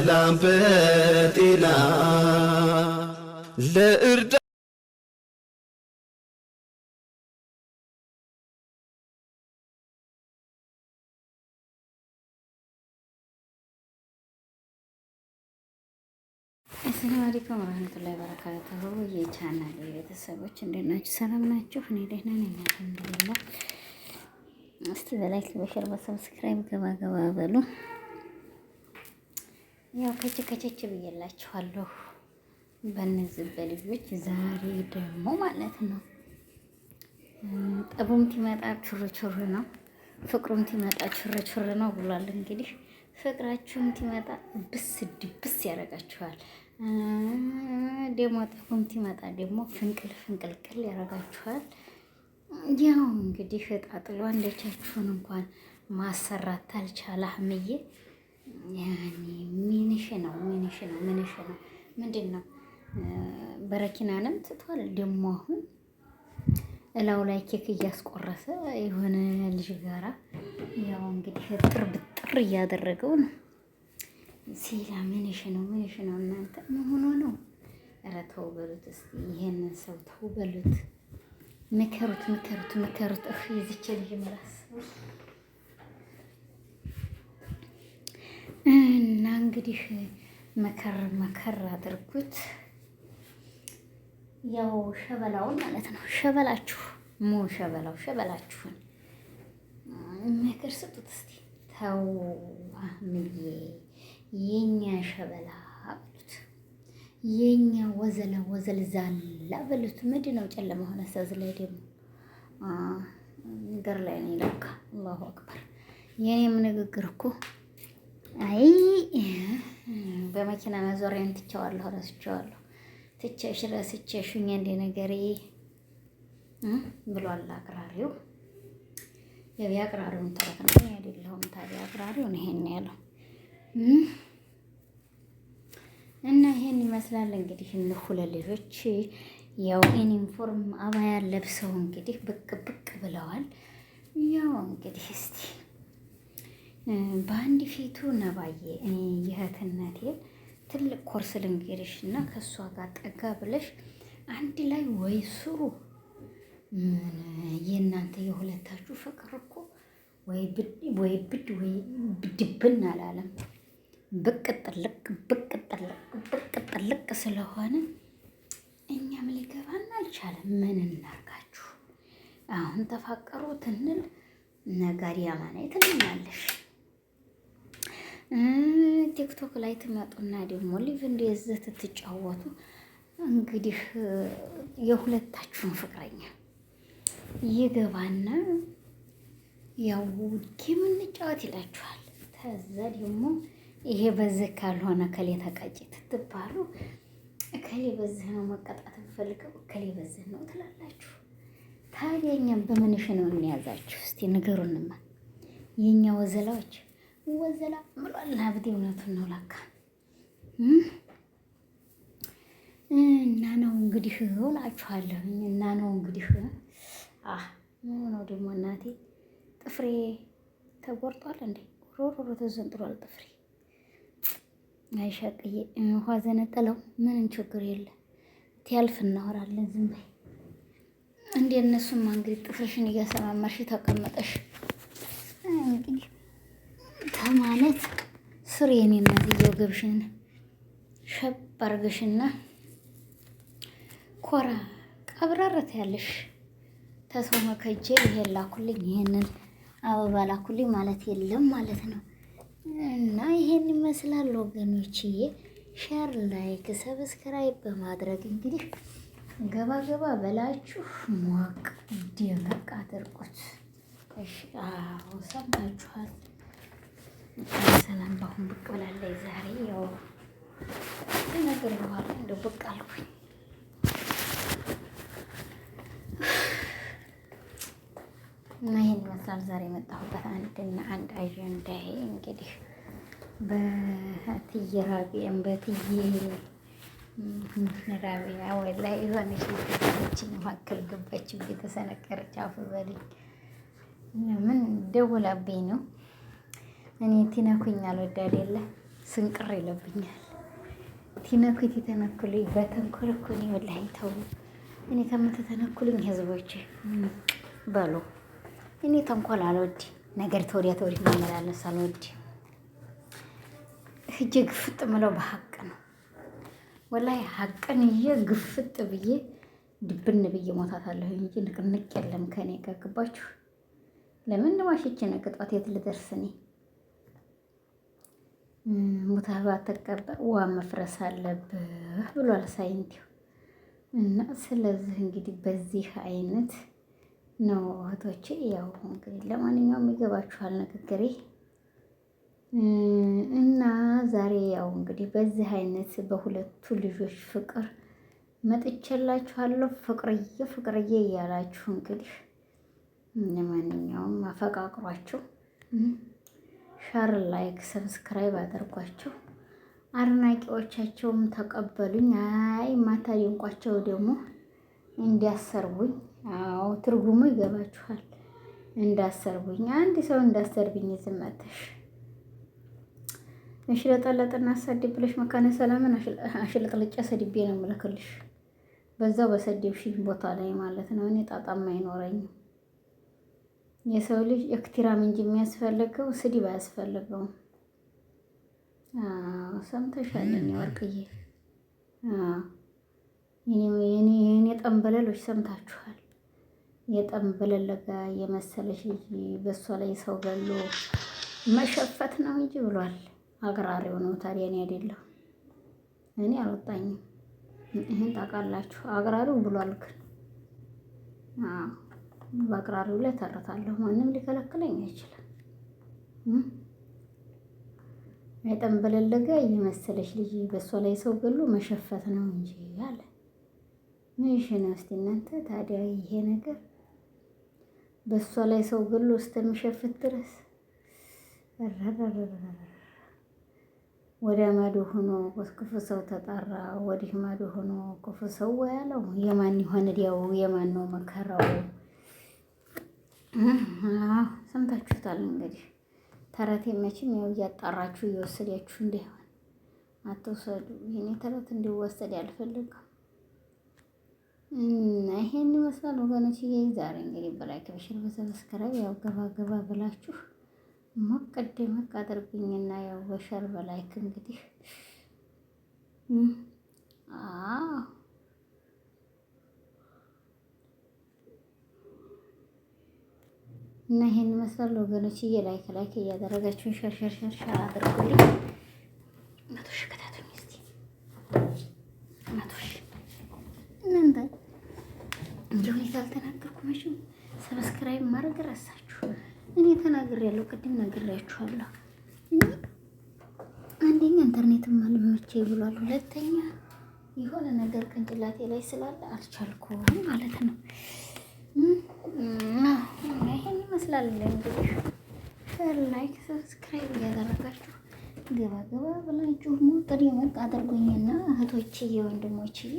በሰላም በጤና ለእርዳ አሰላሙ አለይኩም ወራህመቱላሂ ወበረካቱሁ። የቻናል ቤተሰቦች እንዴት ናችሁ? ሰላም ናችሁ? እኔ ደህና ነኝ አልሐምዱሊላህ። እስቲ በላይክ በሸር በሰብስክራይብ ገባ ገባ በሉ። ያው ከች ከቸች ብዬላችኋለሁ በእነዚህ በልጆች ዛሬ ደግሞ ማለት ነው። ጠቡም ትመጣ ቹርቹር ነው፣ ፍቅሩም ትመጣ ቹርቹር ነው ብሏል። እንግዲህ ፍቅራችሁም ትመጣ ብስ ድብስ ያደርጋችኋል። ደግሞ ጠቡም ትመጣ ደግሞ ፍንቅል ፍንቅልቅል ያደርጋችኋል። ያው እንግዲህ እጣጥሎ አንዳቻችሁን እንኳን ማሰራት አልቻለ አህምዬ ያኔ ምንሽ ነው ምንሽ ነው ምንሽ ነው ምንድን ነው? በረኪናንም ትቷል። ደግሞ አሁን እላው ላይ ኬክ እያስቆረሰ የሆነ ልጅ ጋራ ያው እንግዲህ እጥር ብጥር እያደረገው ነው። ሲላ ምንሽ ነው ምንሽ ነው እናንተ መሆኑ ነው። ኧረ ተው በሉት እስኪ ይሄንን ሰው ተው በሉት። ምከሩት ምከሩት ምከሩት። እህ የዚች ልጅ ምላስ እና እንግዲህ መከር መከር አድርጉት። ያው ሸበላውን ማለት ነው። ሸበላችሁ ሞ ሸበላው ሸበላችሁን መከር ስጡት እስቲ። ተው አህምዬ የኛ ሸበላ በሉት፣ የኛ ወዘለ ወዘል ዛላ በሉት። ምንድን ነው ጨለማ ሆነ ሰዝ ላይ ደግሞ ነገር ላይ ነው። ለካ አላሁ አክበር የኔም ንግግር እኮ አይ በመኪና መዞሪያን ትቼዋለሁ፣ ረስቼዋለሁ። ትቼሽ ረስቼሽኝ እንደ ነገሬ ብሏል አቅራሪው። የቢያ አቅራሪውን ተረት ነው አይደለሁም። ታዲያ አቅራሪውን ይሄን ያለው እና ይሄን ይመስላል እንግዲህ ሁለት ልጆች ያው ዩኒፎርም አባያ ለብሰው እንግዲህ ብቅ ብቅ ብለዋል። ያው እንግዲህ እስቲ በአንድ ፊቱ ነባዬ እኔ ትልቅ ኮርስ ልንገርሽ እና ከእሷ ጋር ጠጋ ብለሽ አንድ ላይ ወይ ስሩ። የእናንተ የሁለታችሁ ፍቅር እኮ ወይ ብድ ወይ ብድብን አላለም። ብቅ ጥልቅ ብቅ ጥልቅ ብቅ ጥልቅ ስለሆነ እኛም ሊገባን አልቻለም። ምን እናርጋችሁ? አሁን ተፋቀሩ ትንል ነጋሪ ያማና ትልናለሽ ቲክቶክ ላይ ትመጡና ደግሞ ሊቭ እንደዚህ ትትጫወቱ እንግዲህ የሁለታችሁን ፍቅረኛ ይገባና ያው ጌም እንጫወት ይላችኋል። ከዛ ደግሞ ይሄ በዚህ ካልሆነ እከሌ ተቀጭ ትትባሉ። እከሌ በዚህ ነው መቀጣት የምፈልገው፣ እከሌ በዚህ ነው ትላላችሁ። ታዲያ እኛም በምንሽ ነው እንያዛችሁ? እስቲ ንገሩንማ የእኛ ወዘላዎች ወዘላ ብሏል። ሀብቴ እውነቱን ነው ላካ እና ነው እንግዲህ እውላችኋለሁ እና ነው እንግዲህ ምነው ደግሞ እናቴ ጥፍሬ ተቆርጧል እንዴ? ሮሮሮ ተዘንጥሯል ጥፍሬ። አይሻቅዬ ውሃ ዘነጠለው ምንም ችግር የለም ትያልፍ እናወራለን። ዝም በይ እንዴ። እነሱማ እንግዲህ ጥፍርሽን እያሰማመርሽ ተቀመጠሽ እንግዲህ ስር የኔ እናትዬው ገብሽን ሸብ አርግሽና ኮራ ቀብራረት ያለሽ ተሰው መከጀ ይሄን ላኩልኝ፣ ይሄንን አበባ ላኩልኝ ማለት የለም ማለት ነው። እና ይሄን ይመስላል ወገኖችዬ። ሼር፣ ላይክ፣ ሰብስክራይብ በማድረግ እንግዲህ ገባ ገባ በላችሁ ሞቅ ደመቅ አድርቁት። እሺ፣ አዎ ሰማችኋል። ሰላም በአሁን ብቅ ብላለች ዛሬ። ያው ከነገር በኋላ እንደው ብቅ አልኩኝ። እና ይሄን ይመስላል ዛሬ የመጣሁበት አንድና አንድ አጀንዳዬ እንግዲህ በእትዬ ራቢያን በእትዬ ራቢያ ወላሂ የሆነች ቤተሰቦችን መካከል ገባች፣ እየተሰነቀረች አፍ በልኝ ምን ደውላብኝ ነው እኔ ቲነኩኝ አልወድ የለ ስንቅር ይለብኛል። ቲነኩኝ ቲተነኩሉኝ በተንኮል እኮ እኔ ወላሂ ተው እኔ ከምትተነኩሉኝ ህዝቦች በሉ እኔ ተንኮል አልወድ ነገር ተወዲያ ተወዲ መመላለስ አልወድ ህጄ ግፍጥ ምለው በሀቅ ነው ወላሂ ሀቅን ይዤ ግፍጥ ብዬ ድብን ብዬ ሞታታለሁ እንጂ ንቅንቅ የለም ከእኔ ጋር ገባችሁ ለምን ዋሽቼ ነው ቅጧት የት ልደርስ እኔ ሙተህ ባትቀበር ውሃ መፍረስ አለብህ ብሏል ሳይንቲው። እና ስለዚህ እንግዲህ በዚህ አይነት ነው እህቶቼ። ያው እንግዲህ ለማንኛውም ይገባችኋል ንግግሬ እና ዛሬ ያው እንግዲህ በዚህ አይነት በሁለቱ ልጆች ፍቅር መጥቼላችኋለሁ። ፍቅርዬ ፍቅርዬ እያላችሁ እንግዲህ ለማንኛውም አፈቃቅሯቸው። ሸር፣ ላይክ፣ ሰብስክራይብ አድርጓቸው። አድናቂዎቻቸውም ተቀበሉኝ። አይ ማታደንቋቸው ደግሞ እንዲያሰርቡኝ። አዎ ትርጉሙ ይገባችኋል። እንዳሰርቡኝ አንድ ሰው እንዳሰርብኝ ዝም መተሽ አሽለጠለጥና አሳድብ ብለሽ መካነ ሰላምን አሽለጥልጬ ሰድቤ ነው የምልክልሽ። በዛው በሰደብሽኝ ቦታ ላይ ማለት ነው። እኔ ጣጣም አይኖረኝም። የሰው ልጅ እክትራም እንጂ የሚያስፈልገው ስድብ አያስፈልገውም። ሰምተሻል? እኔ ወርቅዬ የኔ ጠንበለሎች ሰምታችኋል። የጠንበለለ ጋ የመሰለሽ በሷ ላይ ሰው ገሎ መሸፈት ነው እንጂ ብሏል። አግራሪ ነው ታዲያ እኔ አይደለሁ። እኔ አልወጣኝም። ይህን ታውቃላችሁ። አግራሪው ብሏል ግን በአቅራሪው ላይ ተርታለሁ። ማንም ሊከለክለኝ አይችልም። የጠንበለለገ የመሰለች ልጅ በእሷ ላይ ሰው ገሎ መሸፈት ነው እንጂ አለ። ምንሽን እስቲ እናንተ ታዲያ ይሄ ነገር በእሷ ላይ ሰው ገሎ እስከሚሸፍት ድረስ ወደ ማዶ ሆኖ ክፉ ሰው ተጣራ፣ ወዲህ ማዶ ሆኖ ክፉ ሰው ያለው የማን ይሆን? ዲያው የማን ነው መከራው? ሰምታችሁታል። እንግዲህ ተረት መቼም ያው እያጣራችሁ እየወሰዳችሁ እንዳይሆን አትውሰዱ። የኔ ተረት እንዲወሰድ አልፈልግም። ይሄን ይመስላል ወገኖች። ይሄ ዛሬ እንግዲህ በላይክ በሽር በሰብስክራይብ ያው ገባ ገባ ብላችሁ ሞቀደ ሞቅ አድርጉኝና ያው በሸር በላይክ እንግዲህ አዎ እና ይሄን ይመስላል ወገኖች። እየላይክ ላይክ እያደረጋችሁን ሸርሸርሸርሻ አድርጉልኝ። መቶ ሺህ ከታቱኝ እስኪ መቶ ሺህ እናንተ እንደሁኔታ አልተናገርኩ መቼም። ሰብስክራይብ ማድረግ ረሳችሁ። እኔ ተናግሬያለሁ፣ ቅድም ነግሬያችኋለሁ። አንደኛ ኢንተርኔትም አልመቼኝ ብሏል፣ ሁለተኛ የሆነ ነገር ቅንጭላቴ ላይ ስላለ አልቻልኩም ማለት ነው። ይመስላል። እንግዲህ ሼር፣ ላይክ፣ ሰብስክራይብ እያደረጋችሁ ገባ ገባ ብላችሁ ሞጥሪ ሞቅ አድርጎኝና እህቶችዬ፣ ወንድሞችዬ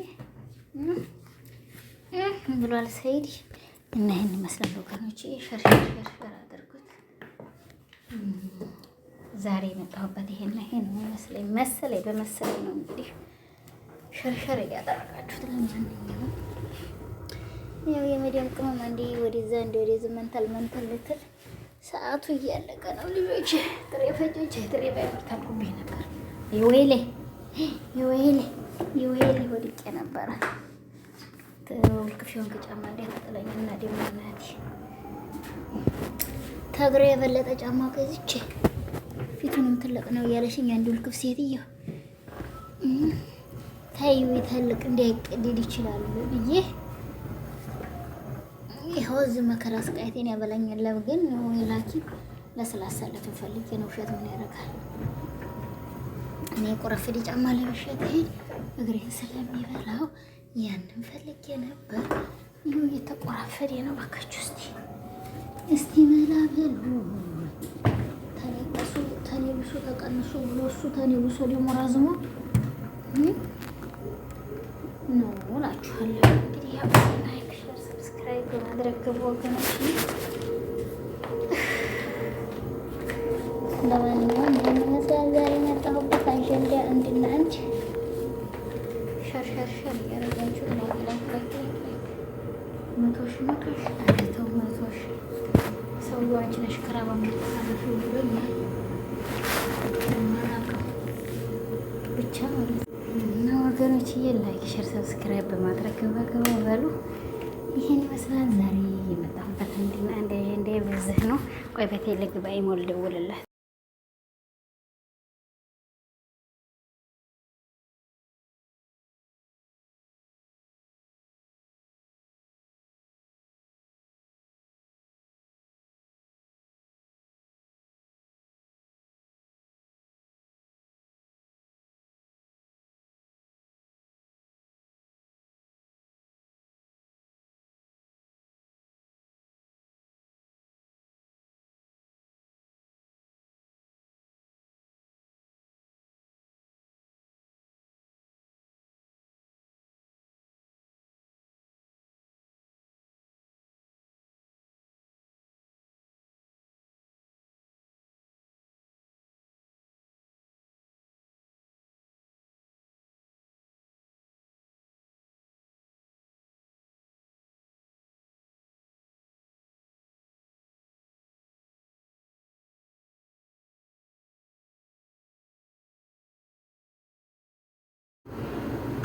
ብሏል ሰይድ እና ይህን ይመስላል ወገኖች፣ ሸር ሸር ሸር አድርጉት። ዛሬ የመጣሁበት ይሄን ይሄን መሰለኝ መሰለኝ በመሰለኝ ነው እንግዲህ ሸርሸር እያደረጋችሁት ለማንኛውም ያው የመዲያም ቅመም አንዴ ወደዛ እንደ ወደዚ መንታል መንታል ልትል ሰዓቱ እያለቀ ነው። ልጆች ጥሬ ፈጆች ጥሬ ባይወርታቁብኝ ነበር። ይወይሌ ይወይሌ የወይሌ ወድቄ ነበረ። ትውልክሽውን ከጫማ እንዴት አጥለኝ እና ደሞ እናቴ ከእግሬ የበለጠ ጫማ ገዝቼ ፊቱንም ትልቅ ነው እያለሽኝ አንድ ውልክፍ ሴትየው ታዩ ይተልቅ እንዳይቀደድ ይችላል ብዬ ይኸው እዚህ መከራ ስቃይቴን ያበላኛል። ግን ይሁን ላኪ ለስላሳለትን ፈልጌ ነው። ውሸት ምን ያደርጋል? እኔ ቁረፍድ ጫማ ለመሸጥ እግሬን ስለሚበላው ያንን ፈልጌ ነበር። ይሁ እየተቆራፈደ ነው። ባካችሁ እስቲ እስቲ መላበሉ ተለቀሱ ተሌብሱ ተቀንሱ ብሎ እሱ ተሌብሶ ደግሞ ራዝሞ ነው እላችኋለሁ እንግዲህ ያ ማድረግ ግቡ ወገኖች። ለማንኛውም ይመስላል ዛሬ የመጣሁበት አጀንዳ አንድና አንድ ሸርሸርሸር እያደረጋችሁ መቶ ሺ መቶ ሺ መቶ ሺ ሰው አንቺ ነሽ ክራባ ብሎኛ ብቻ ማለት ወገኖችዬ ላይክ ሸር ሰብስክራይብ በማድረግ ገባ ገባ በሉ። ይሄን ይመስላል ዛሬ የመጣሁበት። ነው። ቆይ በቴሌ ደውልላት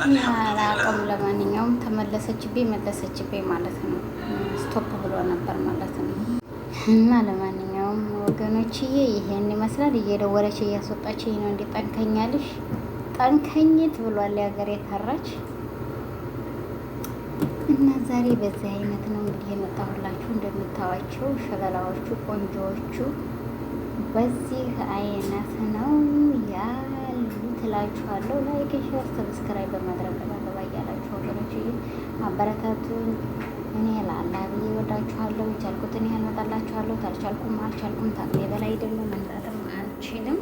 አላውቅም። ለማንኛውም ተመለሰችብኝ መለሰችብኝ ማለት ነው። ስቶፕ ብሎ ነበር ማለት ነው። እና ለማንኛውም ወገኖችዬ ይሄን ይመስላል። እየደወለች እያስወጣች ነው። እንዴ ጠንከኛልሽ ጠንከኝት ብሏል የሀገር የታራች እና ዛሬ በዚህ አይነት ነው እንግዲህ የመጣሁላችሁ። እንደምታዋቸው ሸበላዎቹ ቆንጆዎቹ በዚህ አይነት ነው ያ እላችኋለሁ። ላይክ፣ ሼር፣ ሰብስክራይብ በማድረግ ገባገባ እያላችሁ ወገኖች ይህ አበረታቱን። እኔ ላላ ብዬ ወዳችኋለሁ። የቻልኩትን ያህል መጣላችኋለሁ። ታልቻልኩም አልቻልኩም ታቅሜ በላይ ደግሞ መምጣትም አልችልም።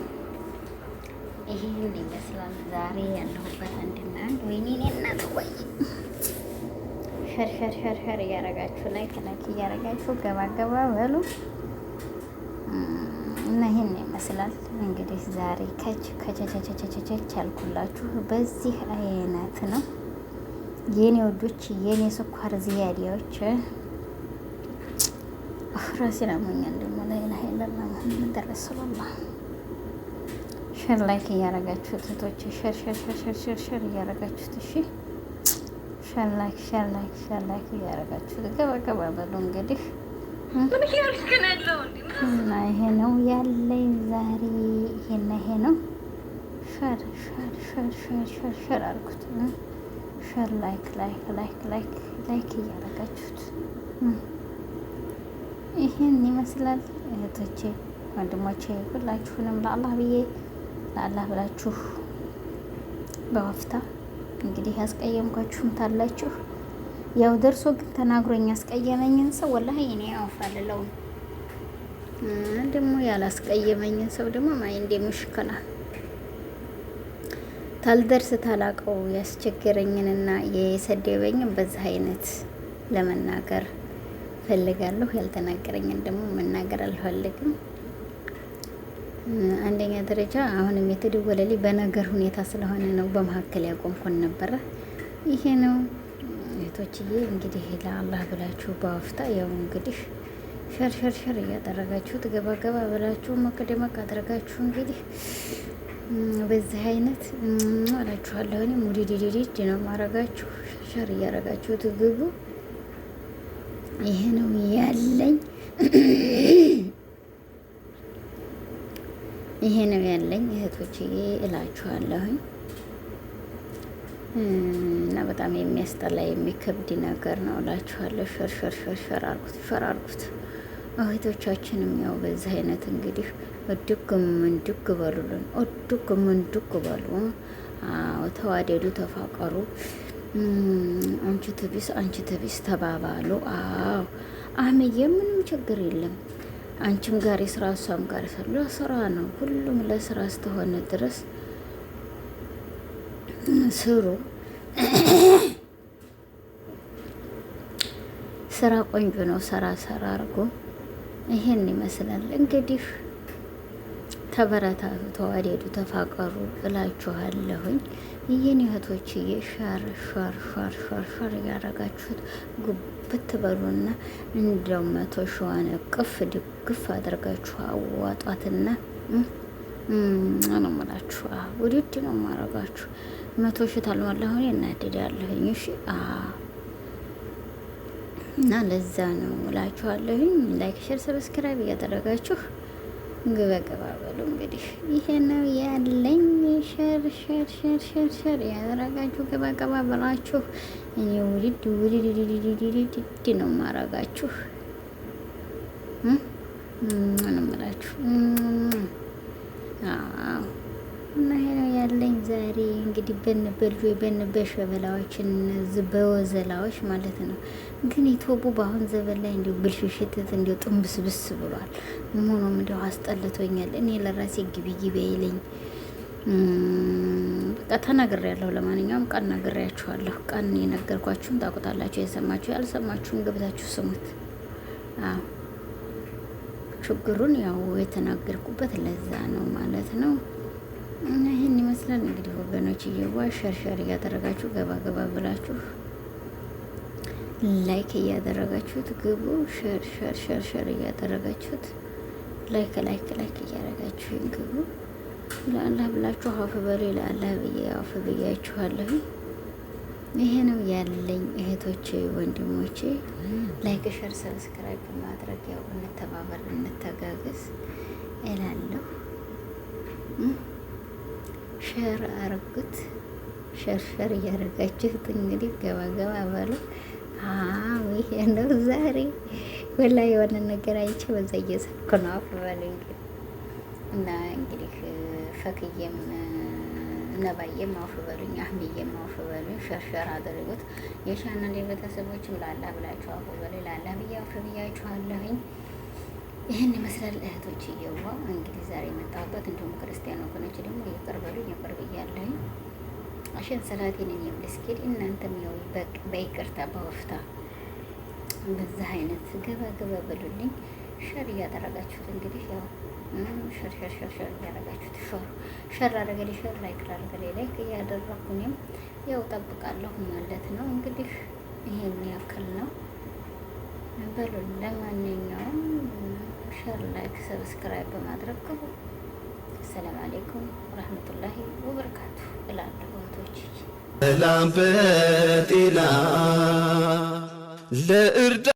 ይሄን ይመስላል ዛሬ ያለሁበት አንድና አንድ። ወይኔ እኔ እናት ወይ ሸርሸርሸርሸር እያረጋችሁ ላይክ ላይክ እያረጋችሁ ገባገባ በሉ። ይመስላል እንግዲህ ዛሬ ከች ከቸቸቸቸቸች ያልኩላችሁ በዚህ አይነት ነው የኔ ወዶች፣ የኔ ስኳር ዝያዴዎች ራሴን አሞኛል እንደሞ ላይላ ሀይለላ መሐመድ ረሱሉላ ሸር ላይክ እያረጋችሁ ትቶች ሸር ሸር ሸር ሸር ሸር እያረጋችሁት እሺ፣ ሸር ላይክ ሸር ላይክ ሸር ላይክ እያረጋችሁት ገባ ገባ በሉ እንግዲህ እና ይሄ ነው ያለኝ ዛሬ። ይሄና ይሄ ነው። ሸር ሸር ሸር ሸር ሸር ሸር አልኩት። ሸር ላይክ ላይክ ላይክ ላይክ ላይክ እያደረጋችሁት ይህን ይመስላል እህቶቼ፣ ወንድሞቼ ሁላችሁንም ለአላህ ብዬ ለአላህ ብላችሁ በወፍታ እንግዲህ ያስቀየምኳችሁም ታላችሁ ያው ደርሶ ግን ተናግሮኝ ያስቀየመኝን ሰው ወላሂ እኔ አውፋለሁ። ደግሞ ያላስቀየመኝን ሰው ደግሞ ማይ እንደሚሽከና ታልደርስ ታላቀው ያስቸገረኝንና የሰደበኝን በዚህ አይነት ለመናገር ፈልጋለሁ። ያልተናገረኝን ደግሞ መናገር አልፈልግም። አንደኛ ደረጃ አሁንም የተደወለልኝ በነገር ሁኔታ ስለሆነ ነው። በመካከል ያቆምኩን ነበረ። ይሄ ነው እህቶችዬ እንግዲህ ለአላህ ብላችሁ በአፍታ ያው እንግዲህ ሸርሸርሸር እያደረጋችሁ ትገባገባ ብላችሁ መቅደመቅ አድረጋችሁ እንግዲህ በዚህ አይነት እላችኋለሁ። እኔ ነው ማረጋችሁ። ሸርሸር እያረጋችሁ ትግቡ። ይሄ ነው ያለኝ፣ ይሄ ነው ያለኝ እህቶችዬ እላችኋለሁኝ። እና በጣም የሚያስጠላ የሚከብድ ነገር ነው እላችኋለሁ። ሸርሸር ሸርሸር አርጉት፣ ሸር አርጉት። እህቶቻችንም ያው በዚህ አይነት እንግዲህ እድግም እንድግ በሉልን፣ እድግም እንድግ በሉ። ተዋደዱ፣ ተፋቀሩ። አንቺ ትቢስ አንቺ ትቢስ ተባባሉ። አዎ አህመዬ፣ ምንም ችግር የለም። አንቺም ጋር የስራ እሷም ጋር ስራ ነው። ሁሉም ለስራ ስተሆነ ድረስ ስሩ። ስራ ቆንጆ ነው። ሰራ ሰራ አርጎ ይሄን ይመስላል እንግዲህ። ተበረታቱ፣ ተዋደዱ፣ ተፋቀሩ እላችኋለሁኝ። ይህን እህቶችዬ ሻር ሻር ሻር ሻር ሻር እያረጋችሁት ጉብት በሉና እንደው መቶ ሸዋን ቅፍ ድግፍ አድርጋችሁ አዋጧትና ነው የምላችሁ። ውድድ ነው ማረጋችሁ። መቶ ሺ ታልሟላ ሆኔ ያለሁኝ እሺ እና ለዛ ነው እላችኋለሁኝ። ላይክ፣ ሸር፣ ሰብስክራይብ እያደረጋችሁ ግባ ገባ በሉ። እንግዲህ ይሄ ነው ያለኝ። ሸር ሸር ሸር ሸር ሸር ያደረጋችሁ ገባ ገባ በላችሁ። እኔ ውድድ ውድድ ነው ማረጋችሁ እንምላችሁ። አዎ እና ይሄ ነው ያለኝ ዛሬ እንግዲህ በንበልጆ በንበሽ በበላዎችን በወዘላዎች ማለት ነው። ግን ኢትዮቡ በአሁን ዘበን ላይ እንዲሁ ብልሽሽትት እንዲሁ ጥንብስብስ ብሏል። መሆኑም እንዲሁ አስጠልቶኛል። እኔ ለራሴ ግቢ ግቢ አይለኝ በቃ ተናግሬያለሁ። ለማንኛውም ቀን ነግሬያችኋለሁ። ቀን የነገርኳችሁን ታውቁታላችሁ። የሰማችሁ ያልሰማችሁን ገብታችሁ ስሙት። ችግሩን ያው የተናገርኩበት ለዛ ነው ማለት ነው። እና ይህን ይመስላል እንግዲህ ወገኖችዬዋ፣ ሸርሸር እያደረጋችሁ ገባ ገባ ብላችሁ ላይክ እያደረጋችሁት ግቡ። ሸርሸር ሸርሸር እያደረጋችሁት ላይክ ላይክ ላይክ እያደረጋችሁ ግቡ። ለአላህ ብላችሁ አፍ በሉ። ለአላህ ብዬ አፍ ብያችኋለሁ። ይሄ ነው ያለኝ እህቶቼ ወንድሞቼ። ላይክ ሸር፣ ሰብስክራይብ ማድረግ ያው እንተባበር፣ እንተጋገዝ እላለሁ። ሸር አርጉት። ሸር እያደረጋችሁት እንግዲህ ገባ ገባ በሉ። አዎ ይሄ ነው ዛሬ ወላ የሆነ ነገር አይቼ በዛ እየሳኩ ነው። አፍ በሉ እንግዲህ እና እንግዲህ ፈክዬም ነባዬ አውፍ በሉኝ፣ አህምዬም አውፍ በሉኝ። ሸርሸር አድርጉት። የቻናል ቤተሰቦችም ላላ ብላችሁ አውፍ በሉኝ። ላላ ብዬ አውፍ ብያችኋለሁኝ። ይህን ይመስላል እህቶች እየዋ እንግዲህ ዛሬ የመጣሁበት እንዲሁም ክርስቲያን ወገኖች ደግሞ እየቀርበሉ እየቀርብ እያለኝ አሸን ሰላቴንን የምልስኬድ እናንተም ያው በይቅርታ በወፍታ በዛ አይነት ገባ ገባ በሉልኝ። ሸር እያደረጋችሁት እንግዲህ ያው ሸር ሸር ሸር ሸር እያደረጋችሁት ሸር ሸር አደረገ ሸር ላይክ አደረገ ላይክ እያደረኩኝም ያው ጠብቃለሁ ማለት ነው። እንግዲህ ይሄን ያክል ነው በሉን ለማንኛውም ሸር፣ ላይክ፣ ሰብስክራይብ በማድረግ ግቡ። ሰላም አሌይኩም ረህመቱላሂ ወበረካቱ እላለሁ። እህቶች ሰላም በጤና ለእርዳ